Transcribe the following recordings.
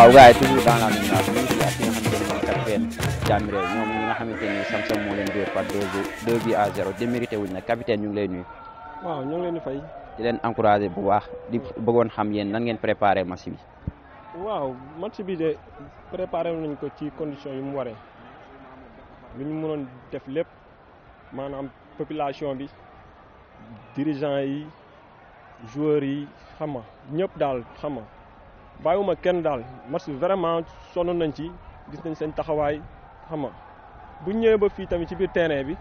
waaw gars yi toujours dans la même lancée ngi ak ki nga xamante ne mooy capitaine Thiam Réew ñoom ñi nga xamante ni Samsung moo leen dóor par deux bi à zéro démérité wuñ nag capitaine ñu ngi lay nuyu. waaw ñu ngi leen di fay. di leen encouragé bu baax di bëggoon xam yéen nan ngeen préparé match bi. waaw match bi de préparé nañ ko ci condition yu mu waree lu ñu mënoon def lépp maanaam population bi dirigeant yi joueurs yi xama ñëpp daal xama bàyyiwuma kenn daal match bi vraiment sonn nañ ci gis nañ seen taxawaay xam nga bu ñëwee ba fii tamit ci biir terrain bi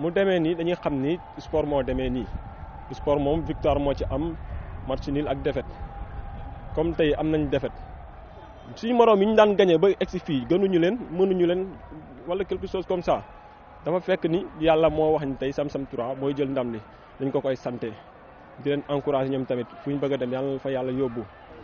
mu demee nii dañuy xam ni sport moo demee nii sport moom victoire moo ci am match nul ak defet comme tey am nañu defet suñu moroom yi ñu daan gañe ba egsi fii gënuñu leen mënuñu leen wala quelque chose comme ça dafa fekk ni yàlla moo wax ni tey sam Samsam 3 mooy jël ndam li dañ ko koy santé di leen encouragé ñoom tamit fu ñu bëgg a dem yàlla fa yàlla yóbbu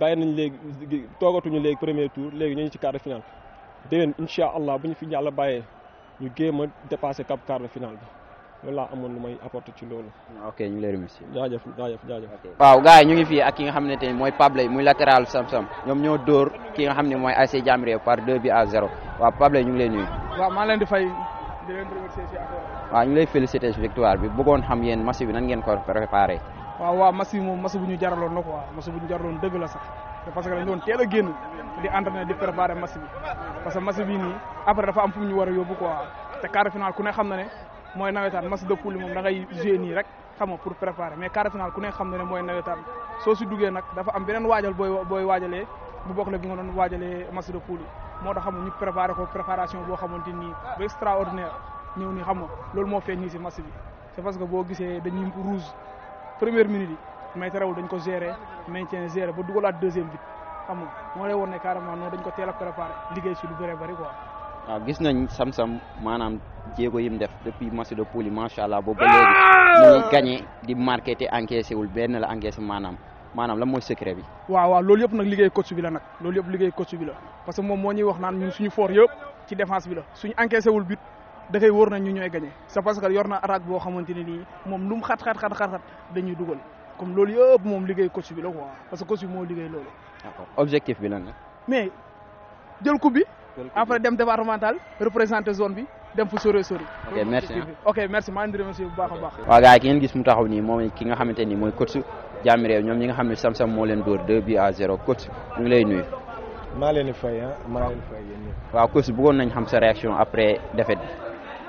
bàyyi nañ léegi toogatuñu léegi premier tour léegi ñu ngi ci quart de finale déwén incha allah bu ñu fi yàlla bàyyee ñu géem a dépassé cap quart de finale bi loolu laa amoon lu may apporté ci loolu. ok ñu ngi lay remercier. jaajëf jaajëf waaw gars yi ñu ngi fii ak ki nga xam ne tey mooy Pablay muy latéral Samsam ñoom ñoo dóor ki nga xam ne mooy ASC Jàmbaar par 2 bi à 0 waaw Pablay ñu ngi lay nuyu. waaw maa leen di fay di leen remercier ci affaire waaw ñu ngi lay victoire bi bëggoon xam yéen bi nan ngeen ko préparé. waaw waaw mas yi moom mas bu ñu jaraloon la quoi mas bu sax parce que doon teel a génn di entraîné di préparé mas nii après dafa am fu mu ñu war a yóbbu quoi te quart de finale ku ne xam na ne mooy nawetaan mas de poule moom da dafa am beneen waajal booy booy waajalee bu bokk la bi nga doon waajalee mas de poule moo tax xam ñu préparé ko préparation boo xamante nii ba extraordinaire ñëw ni xam nga loolu moo feeñ nii si mas bi c'est que boo gisee dañuy rouge première minute yi mais terewul dañ ko gérer maintien gérer ba dugalaat deuxième bi xam nga moo lay woon ne carrément noonu dañ ko teel a liggéey si lu bëre bëri quoi. waaw gis nañ sam-sam maanaam jéego yim def depuis match de poule yi macha allah boobu ba léegi mu ngi gagné di marqué te encaissé wul benn la encaissé maanaam maanaam lan mooy secret bi. waaw waaw loolu yëpp nag liggéey coach bi la nag loolu yëpp liggéey coach bi la parce que moom moo ñuy wax naan ñun suñu fort wul but. da wor wóor na ñu ñooy gagné c'est parce que yor na attaque boo xamante ne nii moom lu mu xat xat xat dañuy dugal comme loolu yëpp moom liggéey coach bi la quoi parce que coach bi moo loolu. objectif bi lan mais jël coupe bi. après dem départemental représenter zone bi dem fu sori sori. ok merci ok merci maa ngi leen di remercier bu baax a baax. waaw ki ngeen gis mu taxaw nii mooy ki nga xamante ni mooy coach Jàmmi Réew ñoom ñi nga xam ne Samsam moo leen dóor 2 bi à 0 coach ñu lay nuy maa leen ah. leen di fay yéen ñëpp. waaw coach bëggoon nañ xam sa réaction après défaite bi.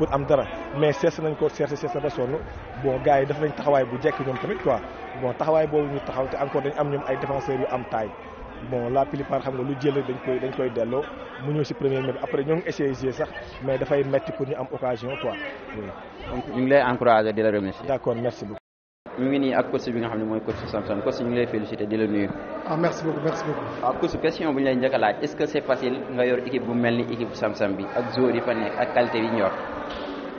pour am dara mais sees nañ ko sees sees na ba sonn bon gars def nañ taxaway bu jekk ñom tamit quoi bon taxawaay boobu ñu taxaw te encore dañ am ñoom ay défenseurs yu am taille bon la plupart xam nga lu jël dañ koy dañ koy dello mu ñëw ci première mi après ñong essayer essayé sax mais dafay metti pour ñu am occasion quoi. donc ñu ngi lay encourager di la remercier. d'accord merci beaucoup. mu ngi nii ak coach bi nga xam moy coach Samson coach ñu ngi lay féliciter di la nuyu. ah merci beaucoup merci beaucoup. waaw ah, coach question bu ñu lay njëkk est ce que c'est facile nga yor équipe bu melni équipe Samson bi ak joueur yi fa nekk ak qualité yi ñor.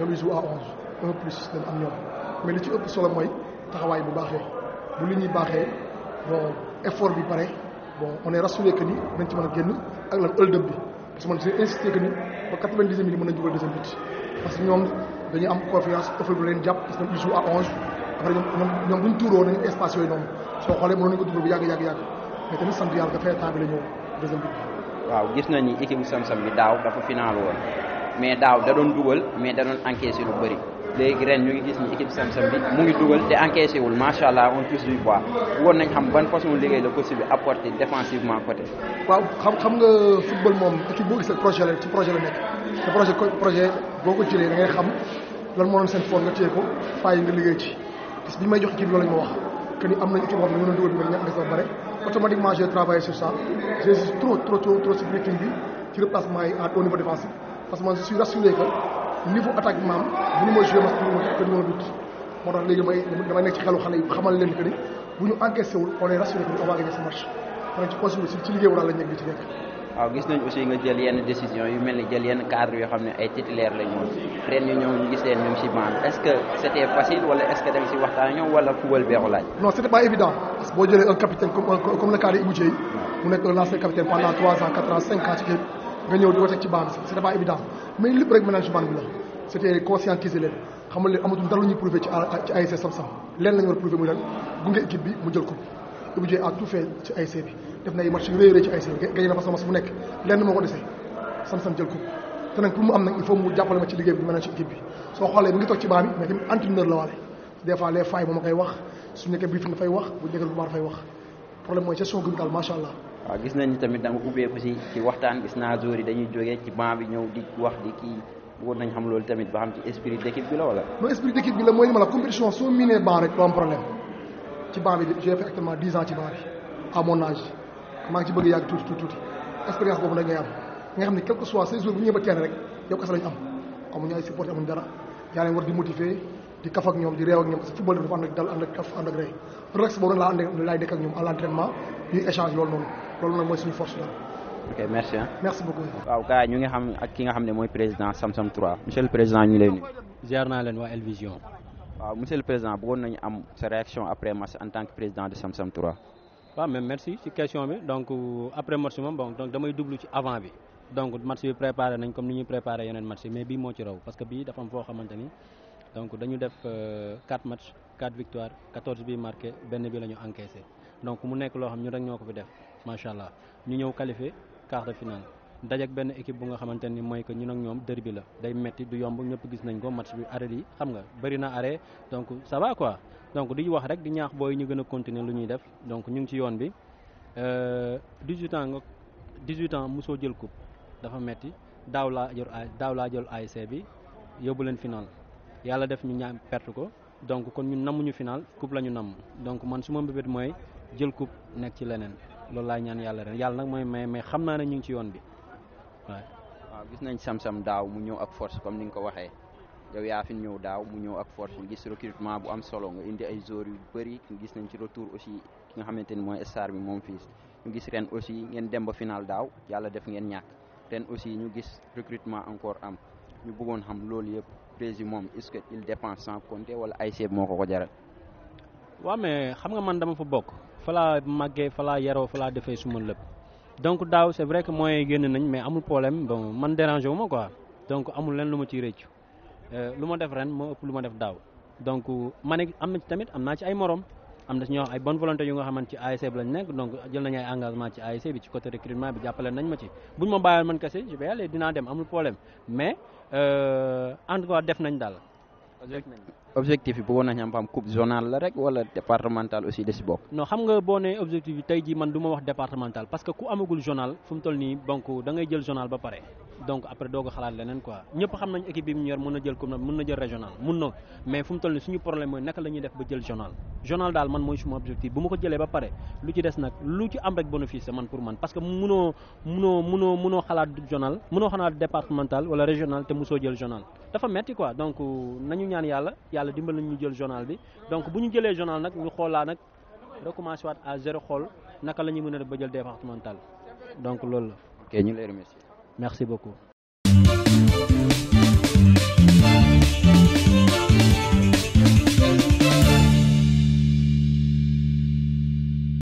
ñoom ñu joue à 11 1 plus lañ am ñoom mais li ci ëpp solo mooy taxawaay bu baaxee bu li ñuy baaxee bon effort bi pare bon on est rassuré que ni nañ ci mën a génn ak lan ëldëm bi parce que man j'ai insisté que ni ba 90e minute mën nañ dugal deuxième but parce que ñoom dañuy am confiance offre bu leen jàpp parce que ñoom ils à 11 après ñoom ñoom bu ñu tuuroo nañu espace yooyu noonu soo xoolee mënoon nañu ko dugal bu yàgg yàgg yàgg mais tamit sant yàlla dafay temps bi la ñëw deuxième but. waaw gis nañ ni équipe bu Sam Sam bi daaw dafa final woon. mais daaw danoon dugal mais da doon encaissé lu bëri léegi ren ñu ngi gis ni équipe Sam bi mu ngi dugal te encaissé wul macha allah on touche du bois war nañ xam ban la coach bi apporté défensivement côté. waaw xam xam nga football moom équipe boo gis projet la ci projet la nekk te projet projet boo ko jëlee da ngay xam lan moo doon seen fort nga téye ko fay nga liggéey ci parce bi may jox ci loolu la ñu ma wax que ni am nañ équipe boo xam ne mën dugal mën ñàkk a sa bare automatiquement j'ai travaillé sur ça j'ai trop trop trop ci briefing parce que man je suis rassuré que niveau attaque mam bu ñu ma joué ma ko numéro dut mo tax léegi may dama nek ci xelu xalé xamal leen que ni buñu ñu encaissé wul on est rassuré que on va gagner ce match maanaam ci possible ci liggéey wala lañ nekk ci nekk. waaw gis nañ aussi nga jël yenn décision yu melni jël yenn cadre yo xam ay titulaire lañ mo ren ñu ñëw ñu gis leen ñoom ci bande est-ce que c'était facile wala est-ce que dem ci si waxtaan ñoom wala football beexu laaj non c'était pas évident bo jëlé un capitaine comme comme le cadre de Ibou Dieye mu nek un ancien capitaine pendant 3 ans 4 ans 5 ans ci nga ñëw di ko teg ci baax bi c'est pas évident mais lépp rek management bi la c'était conscientiser leen xamal leen amatul dara lu ñuy prouver ci a na bi ma ci la waale des fois les moom a wax su nekkee briefing dafay wax bu nekkee lu baax dafay wax problème mooy gestion gëm daal macha allah gis nañ tamit dama nga ko si ci waxtaan gis naa zori dañuy jógee ci ban bi ñëw di wax di kii bëggoon nañ xam loolu tamit ba xam ci esprit d'équipe bi la wala. non esprit d'équipe bi la mooy li ma la compétition soo miinee ban rek doo am problème ci ban bi j'ai fait actuellement dix ans ci ban bi à mon âge maa ngi ci bëgg yàgg tuuti tuuti tuuti expérience boobu nag ngay am nga xam ne quel soit ces jours bu ñëw ba terrain rek yow kese lañ am amuñu ay supporter amuñu dara yaa leen war di motiver di kaf ak ñoom di réew ak ñoom parce que football dafa ànd ak dal ànd ak kaf ànd ak rey relax boobu nag laa ànd laay dëkk ak ñoom à l'entraînement ñuy échange loolu noonu loolu nag mooy suñu force la ok merci hein. merci beaucoup. waaw gars ñu ngi xam ak ki nga xam ne mooy président Samsam 3 monsieur le président ñu lay nuyu. ziar naa leen waa El waaw monsieur le président bëggoon nañu am sa réaction après match en tant que président de Samsam 3. waaw mais merci ci question bi donc euh, après match moom bon donc damay dublu ci avant bi. donc match bi préparé nañ comme ni ñuy préparé yeneen match mais bii moo ci raw parce que bii dafa am foo xamante ni donc dañu def 4 euh, matchs 4 victoires 14 bi marqué benn bi la ñu encaissé. donc mu nekk loo xam ñu rek ñoo ko fi def macha allah ñu ñëw qualifié quart de finale dajak benn équipe bu nga xamante ni mooy que ñun ak ñoom derby la day metti du yomb ñëpp gis nañ ko match bi arrêt yi xam nga bëri na arrêt donc ça va quoi donc di wax rek di ñaax booy ñu gën a continuer lu ñuy def donc ñu ngi ci yoon bi 18 euh, ans nga 18 ans mosoo jël coupe dafa metti daaw laa jël ay daaw laa jël ASC bi yóbbu leen final yàlla def ñu ñaan perte ko donc kon ñun namuñu final coupe la ñu nam donc man suma mbébét mooy jël coupe nekk ci leneen loolu laay ñaan yàlla ren yàlla nag mooy may mais xam naa ne ñu ngi ci yoon bi waaw. waaw gis nañ sam-sam daaw mu ñëw ak force comme ni nga ko waxee yow yaa fi ñëw daaw mu ñëw ak force ñu gis recrutement bu am solo nga indi ay joueurs yu bëri gis nañ ci retour aussi ki nga xamante ni mooy star bi moom fii ñu gis ren aussi ngeen dem ba final daaw yàlla def ngeen ñàkk ren aussi ñu gis recrutement encore am ñu bëggoon xam loolu yëpp président moom est-ce que il dépense sans ay seeb moo ko ko jaral. Fala magge fala yaro, fala yaroo fa laa defee suma lépp donc daw c'est vrai que moy yenn nañ mais amul problème bon man dérangé ma quoi donc amul len luma ci reccu euh luma def ren mo ëpp luma def daw donc euh, mané amna ci tamit am ci ay morom amna ci ñoo ay bonne volonté yu nga xamante ci ASC bi lañ nek donc jël nañ ay engagement ci ASC bi ci côté recrutement bi jappalé nañ ma ci buñ ma bàyyoon man kese je vais aller dinaa dem amul problème mais euh, en tout cas def nañ daal. objectif bi bëggoon nañu am xam coupe zonale la rek wala départemental aussi de si bokk. non xam nga boo nee objectif bi tey jii man du wax départemental parce que ku amagul zonal fu mu nii donc da ngay jël zonal ba pare. donc après doog a xalaat leneen quoi ñepp xam nañ équipe bi mu ñor mëna jël comme mëna jël régional mën mais fu mu toll ni suñu problème mooy naka la def ba jël journal journal dal man mooy suma objectif bu ma ko jëlee ba paré lu ci dess nak lu ci am rek bénéfice man pour man parce que mëno mëno mëno munoo xalaat journal mëno xalaat départemental wala régional té mosoo jël journal dafa metti quoi donc nañu ñaan yalla yalla dimbal nañ jël journal bi donc bu ñu jëlee journal nak ñu xoolaa nak recommencer waat à zéro xol naka lañuy mëna ba jël départemental donc lool la. ok ñu lay remercier Merci beaucoup.